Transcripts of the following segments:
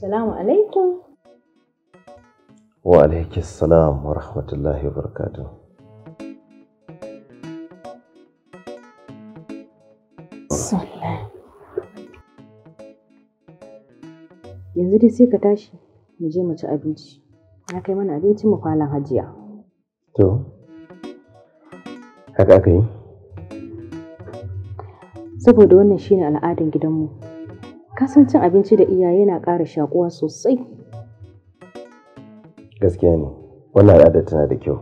Salamu alaikum. Wa alaikis salam wa rahmatullahi wa barakatuh. Yanzu dai sai ka tashi mu je mu ci abinci. Na kai mana abinci mu kwalan hajiya. To, haka aka yi? Saboda wannan shine al'adar gidanmu. kasan cin abinci da iyaye na ƙara shakuwa sosai gaskiya ne wannan al'adar tana da kyau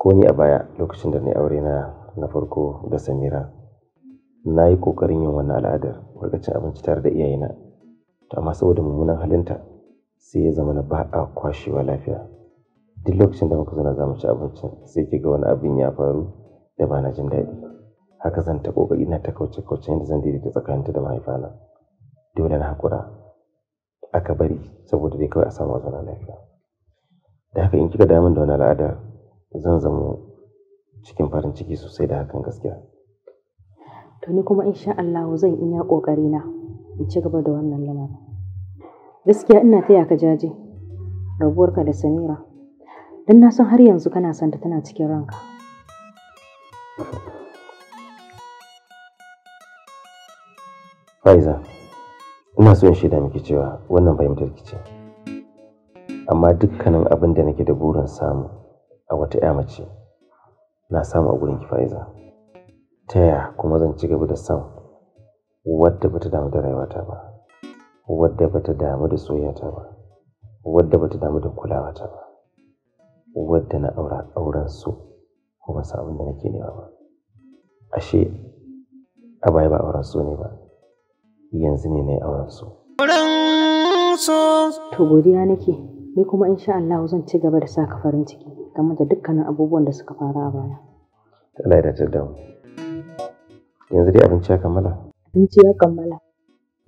ko ni a baya lokacin da na yi aure na na farko da samira na yi ƙoƙarin yin wannan al'adar warkacin abinci tare da iyayena to amma saboda mummunan halinta sai ya zama na ba a kwashewa lafiya duk lokacin da muka zana za mu ci abincin sai ki ga wani abin ya faru da ba na jin daɗi haka zan ta ƙoƙari na ta kauce kauce yadda zan daidaita tsakaninta da mahaifana dole na haƙura aka bari saboda dai kawai a samu a zauna lafiya da haka in kika damun da wani al'ada zan zamo cikin farin ciki sosai da hakan gaskiya to ni kuma insha Allah zan iya kokari na in ci gaba da wannan lamarin gaskiya ina taya ka jaje rabuwarka da Samira dan na san har yanzu kana son ta tana cikin ranka Faiza. ina so in shaida miki cewa wannan fahimtar ki ce amma dukkanin abin da nake da burin samu a wata ya mace na samu a gurin ki fa'iza ta yaya kuma zan ci gaba da son wadda bata damu da rayuwata ba wadda bata damu da soyayyata ba wadda bata damu da kulawata ba wadda na aura auren su kuma sa abin da nake nema ba ashe a baya ba auren su ne ba yanzu ne na yi auren su. To godiya nake, ni kuma insha Allah zan ci gaba da saka farin ciki game da dukkanin abubuwan da suka fara a baya. Allah ya dace da mu. Yanzu dai abinci ya kammala. Abinci ya kammala.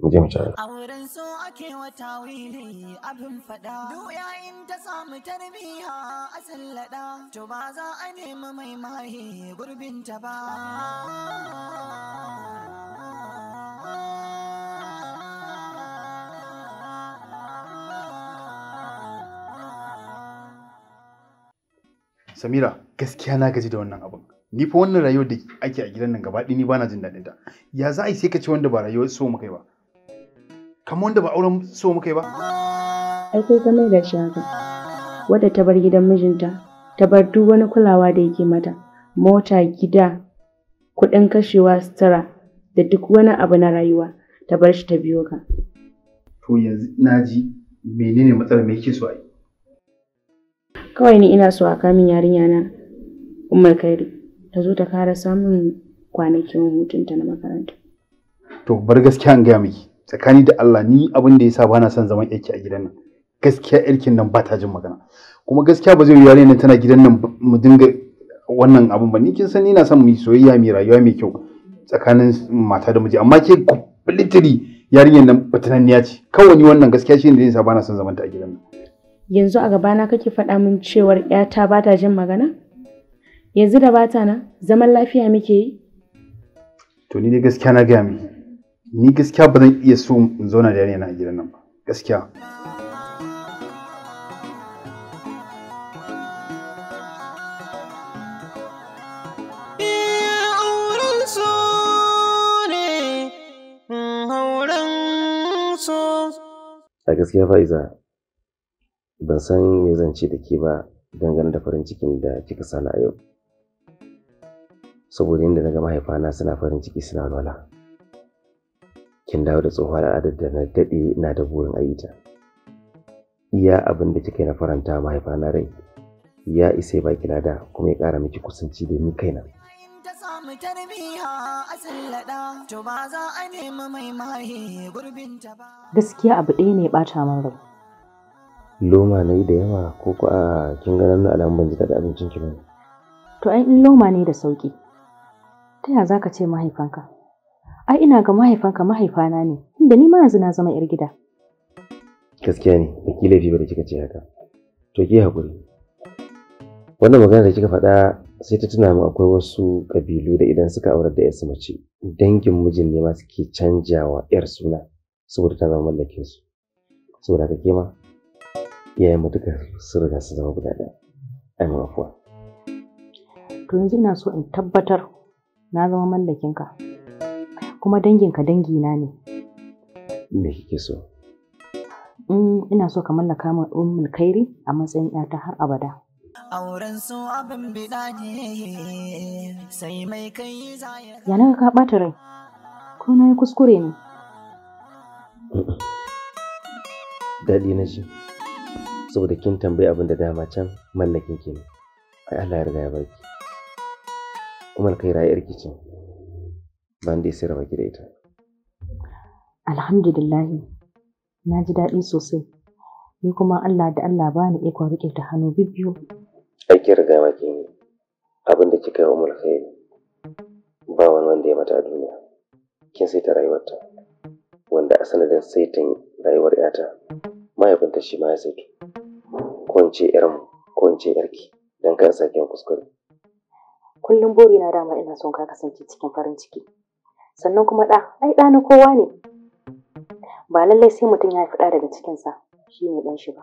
Mu je mu ci A wurin so ake wata wili abin fada. Doya in ta samu tarbiya a sallada. To ba za a nemi mai mahi gurbin ta ba. Samira, gaskiya na gaji da wannan abin. Ni fa wannan rayuwar da ake a gidan nan gaba ni bana jin daɗin ta. Ya za a yi sai ka ce wanda ba rayuwar so muka yi ba? Kamar wanda ba auren so muka yi ba? Ai kai ka mai da shi haka. Wadda ta bar gidan mijinta, ta bar duk wani kulawa da yake mata. Mota, gida, kuɗin kashewa, sutura, da duk wani abu na rayuwa, ta bar shi ta biyo ka. To yanzu na ji menene matsalar me yake so a yi? kawai ni ina so a kamin yarinya na umar kairi ta zo ta kara samun kwanakin hutunta na makaranta to bar gaskiya an gaya miki tsakani da Allah ni abin da yasa bana son zaman yake a gidan nan gaskiya irkin nan ba ta jin magana kuma gaskiya ba zai yi yarinya tana gidan nan mu dinga wannan abin ba ni kin san ina son mu soyayya mai rayuwa mai kyau tsakanin mata da miji amma ke completely yarinyar nan batunan ce kawai ni wannan gaskiya shi ne da yasa bana son zaman ta a gidan nan yanzu a gabana kake faɗa min cewar ‘yata ba ta jin magana? Yanzu da ba ta na zaman lafiya muke yi? To ni dai gaskiya na gaya Ni gaskiya ba zan iya so in zauna da yana a gidan nan ba. Gaskiya. Mm, a gaskiya fa'iza ban san me zan ce da ke ba dangane da farin cikin da kika sani a yau saboda yadda na ga mahaifana suna farin ciki suna walwala kin dawo da tsohuwar al'adar da na daɗe ina da burin a iya abin da kika yi na faranta mahaifana rai ya isa ya baki lada kuma ya ƙara miki kusanci da ni kaina gaskiya abu ɗaya ne ya ɓata min rai loma na yi da yawa ko ko a kin ga nan alamun ban ji daɗin abincin ki bane to ai in loma ne da sauki ta ya zaka ce mahaifanka ai ina ga mahaifanka mahaifana ne inda ni ma yanzu na zama yar gida gaskiya ne da laifi ba da kika ce haka to ki hakuri wannan magana da kika faɗa sai ta tuna mu akwai wasu ƙabilu da idan suka aurar da yarsu mace dangin mijin ne ma suke canjawa yar suna saboda ta zama mallakin su saboda haka ke ma iyayen duka su riga su zama guda ɗaya a mafuwa to yanzu ina so in tabbatar na zama mallakinka kuma danginka dangina ne me kike so mm, ina so ka mallaka min ummul kairi a matsayin ta har abada auren su abin bida ne sai mai kai zaya yana ka ɓata rai ko na yi kuskure ne daɗi na ji saboda kin tambayi abin da dama can mallakin ki ne ai Allah ya riga ya baki kuma kai rayuwar ki ce da sai raba gida ita alhamdulillah na ji daɗi sosai ni kuma Allah da Allah ba ni ikon riƙe ta hannu bibbiyu aikin riga ma kin yi abin da kika yi umar khairi ba wani wanda ya mata a duniya kin sai ta rayuwarta wanda a sanadin saitin rayuwar yata mahaifinta shi ma ya saitu ko in ce ko in ce yarki don kan saken kuskure kullum buri na dama ina son ka kasance cikin farin ciki sannan kuma ɗa ai ɗa na kowa ne ba lallai sai mutum ya fita daga cikinsa shi ne ɗan shi ba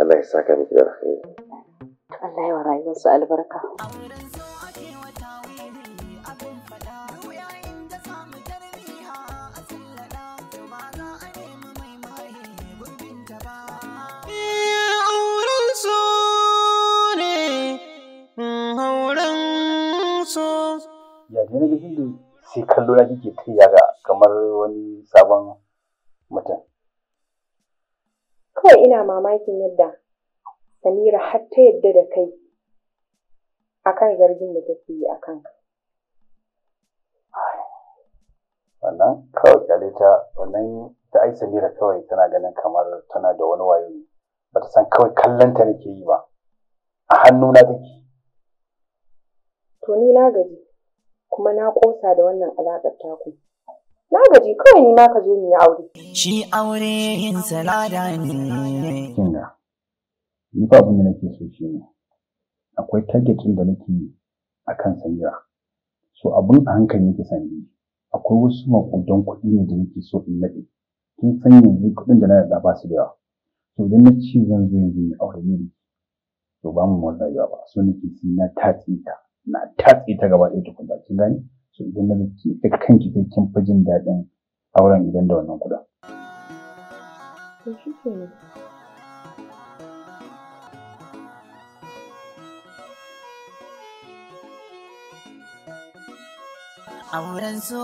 Allah ya saka miki da alheri Allah ya wa rayuwarsa albarka je na ga sai kallo na kike ta ga kamar wani sabon mutum. Kawai ina mamakin yadda Samira har ta yadda da kai akan zargin da take yi a kanka. Wannan kawai kyale ta wannan ta ai Samira kawai tana ganin kamar tana da wani wayo ne. Bata san kawai kallonta nake yi ba. A hannuna take. To ni na gaji. kuma na ƙosa da wannan alaƙar taku. Na gaji kawai ni ma ka zo mu yi aure. Shi aure yin salada ne. Kinga, ni ba abin da nake so shi ne. Akwai targetin da nake yi a kan sanja. So abin a hankali nake yi. Akwai wasu maƙudan kuɗi ne da nake so in naɗe. Kin san yanzu kuɗin da na yarda ba su da yawa. To idan na ci zan zo yanzu yi aure ne. To ba mu wannan yawa ba. So nake sai na tatsi ta. na tatsi ta gaba ɗaya tukunna kin gani so idan na miki da kanki sai kin fi jin daɗin auren idan da wannan kuɗa. Auren su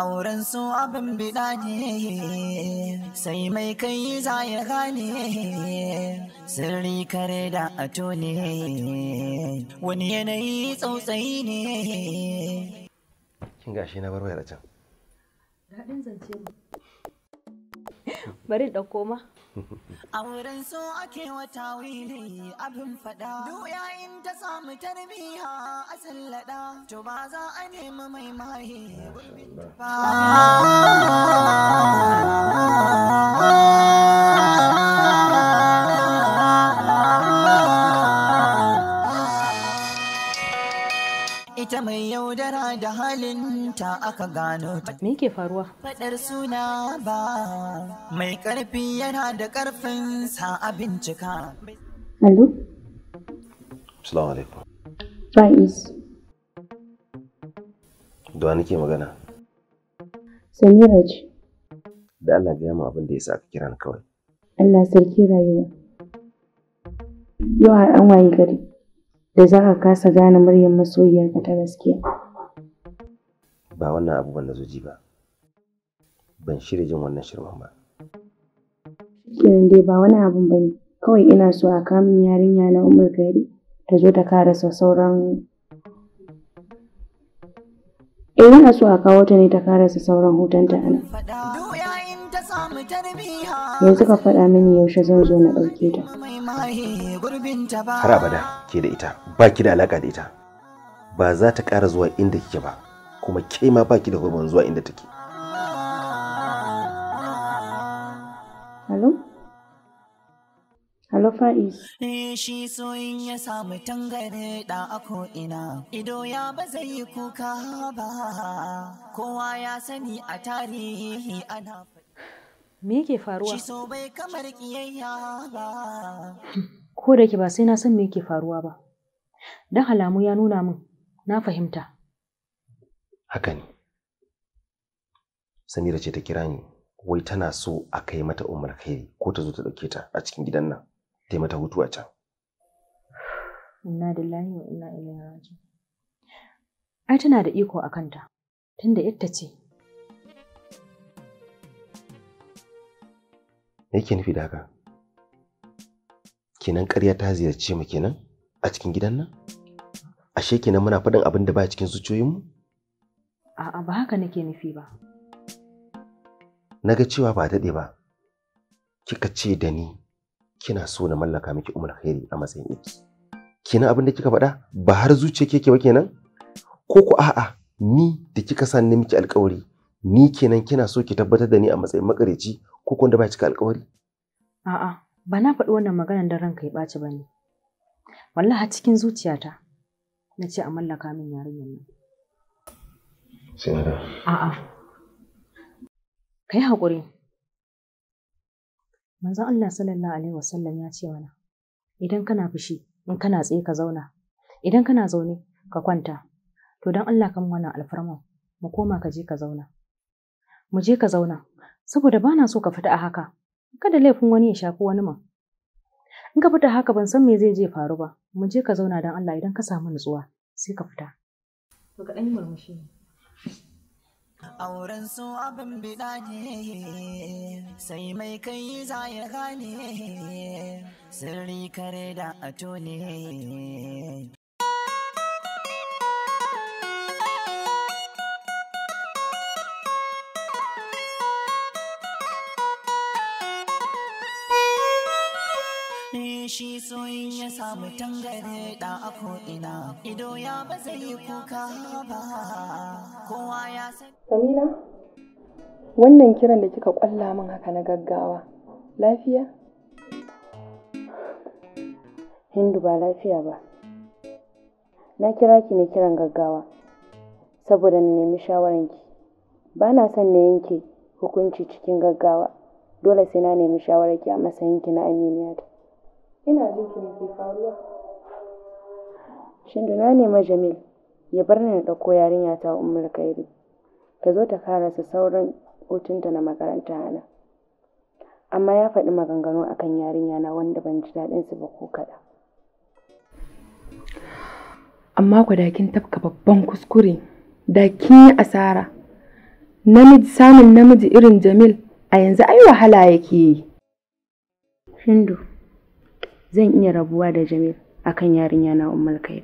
auren su abin bida ne sai mai kai za ya gane sirri kare da a tone wani yanayi tsautsayi ne kin gashi na barwaya da can daɗin zance bari da koma a wurin so ake wata wili abin fada duk yayin ta samu tarbiya a tsallada to ba za a nemi mai maye gurbin ba mai yaudara da halinta aka gano ta. Me ke faruwa? Fadar suna ba mai ƙarfi yana da karfin sa a bincika. Hello? Assalamu alaikum. Faiz. Da nake magana? Samira ce. Da Allah gaya mu abin da ya sa ka kira ni kawai. Allah sarki rayuwa. Yau a an waye gari. da za ka kasa gane muryar masoyiyarka ta gaskiya. Ba wannan abubuwan da ji ba, ban shirya jin wannan shirman ba. Shirin dai ba wani abun ba ne, kawai ina so a kamun yarinya na umar gari ta zo ta sa sauran eh, ina so a kawo ta ne ta sa sauran hutunta ana. yanzu ka faɗa mini yaushe zan zo na ɗauke ta har abada ke da ita ba ki da alaƙa da ita ba za ta ƙara zuwa inda kike ba kuma ke ma ba ki da hurbin zuwa inda take Halo? Halo Fa'is. ido ya ba zai kuka ba, kowa ya sani a tarihi ana me yake faruwa ko da ke ba sai na san me yake faruwa ba dan alamu ya nuna min na fahimta haka ne samira ce ta kira ni wai tana so a kai mata umar khairi ko ta zo ta dauke ta a cikin gidan nan ta mata hutu a can inna lillahi wa inna ilaihi raji'un ai tana da iko a kanta tunda ita ce yake nufi da haka kenan ƙarya ta ziyarce mu kenan a cikin gidan nan ashe kenan muna faɗin abin da ba cikin zuciyoyinmu a'a ba haka nake nufi ba naga cewa ba daɗe ba kika ce da ni kina so na mallaka miki umar khairi a matsayin iki kenan abin da kika faɗa ba har zuciya keke ba kenan ko ku a'a ni da kika sa ni miki alkawari ni kenan kina so ki tabbatar da ni a matsayin makareci ko da ba cika alkawari a'a ba na faɗi wannan maganar da ranka ya ɓaci ba ne wallahi cikin zuciyata na ce a mallaka min yarinyar nan Sinada. A'a. Ka yi haƙuri. Manzon Allah sallallahu Alaihi wasallam ya ce mana, idan kana fushi, in kana tsaye ka zauna, idan kana zaune ka kwanta, to don Allah kan wannan alfarman mu koma ka je ka zauna. Mu je ka zauna, saboda ba na so ka fita a haka kada laifin wani ya shafi wani ma in ka fita haka ban san me zai je faru ba mu je ka zauna don Allah idan ka samu nutsuwa sai ka fita to ka dan murmushi auren so abin bida ne sai mai kai za ya gane sirri kare da ato ne shi soyin samu tangare da a ko'ina ido ya ba zai yi kuka ba kowa ya samina wannan kiran da kika kwalla min haka na gaggawa lafiya hindu ba lafiya ba na kira ki ne kiran gaggawa saboda na nemi shawaranki ba na son na yanke hukunci cikin gaggawa dole sai na nemi shawararki a matsayinki na aminiyata ina jin ke faruwa shin da na nema Jamil ya bar ni na ɗauko yarinya ta Umar Khairi ta zo ta su sauran hutunta na makaranta ana amma ya faɗi maganganu akan yarinya na wanda ban ji daɗin su ba ko kaɗan amma ku tafka babban kuskure da kin yi asara namiji samun namiji irin Jamil a yanzu ai wahala yake yi Hindu zan iya rabuwa da Jamil akan yarinya na Ummul kai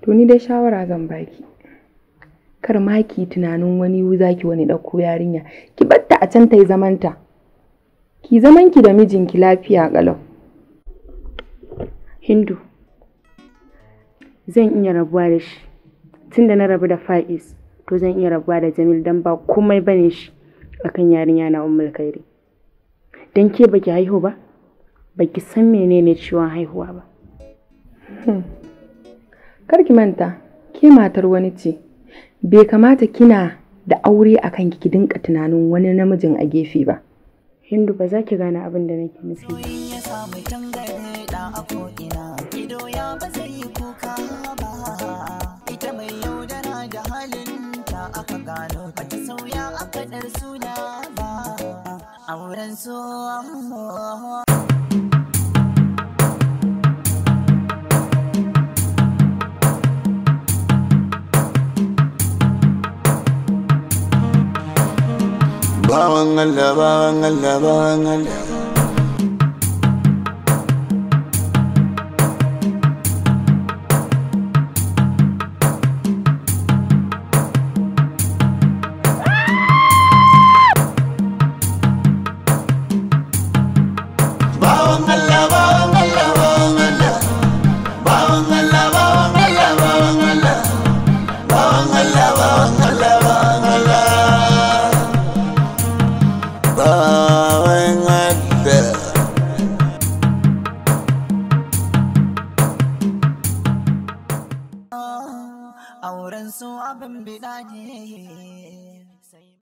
To ni dai shawara zan baki. Kar ma ki tunanin wani zaki wani ɗauko yarinya, ki batta a can ta yi zamanta. Ki zaman ki da mijinki lafiya ƙalau. Hindu, zan iya rabuwa da shi. Tunda na rabu da Faiz, to zan iya rabuwa da Jamil don ba komai bane shi. akan yarinya na ummul kairi dan ke baki haihu ba baki san menene ciwon haihuwa ba hmm. kar ki manta ke matar wani ce bai kamata kina da aure a kan ki dinka tunanin wani namijin a gefe ba hindu ba za ki gane abin da nake nufi ba ita mai yaudara da halin ta aka gano ba ta sauya auren su Bawan Allah, bawan Allah, bawan Allah.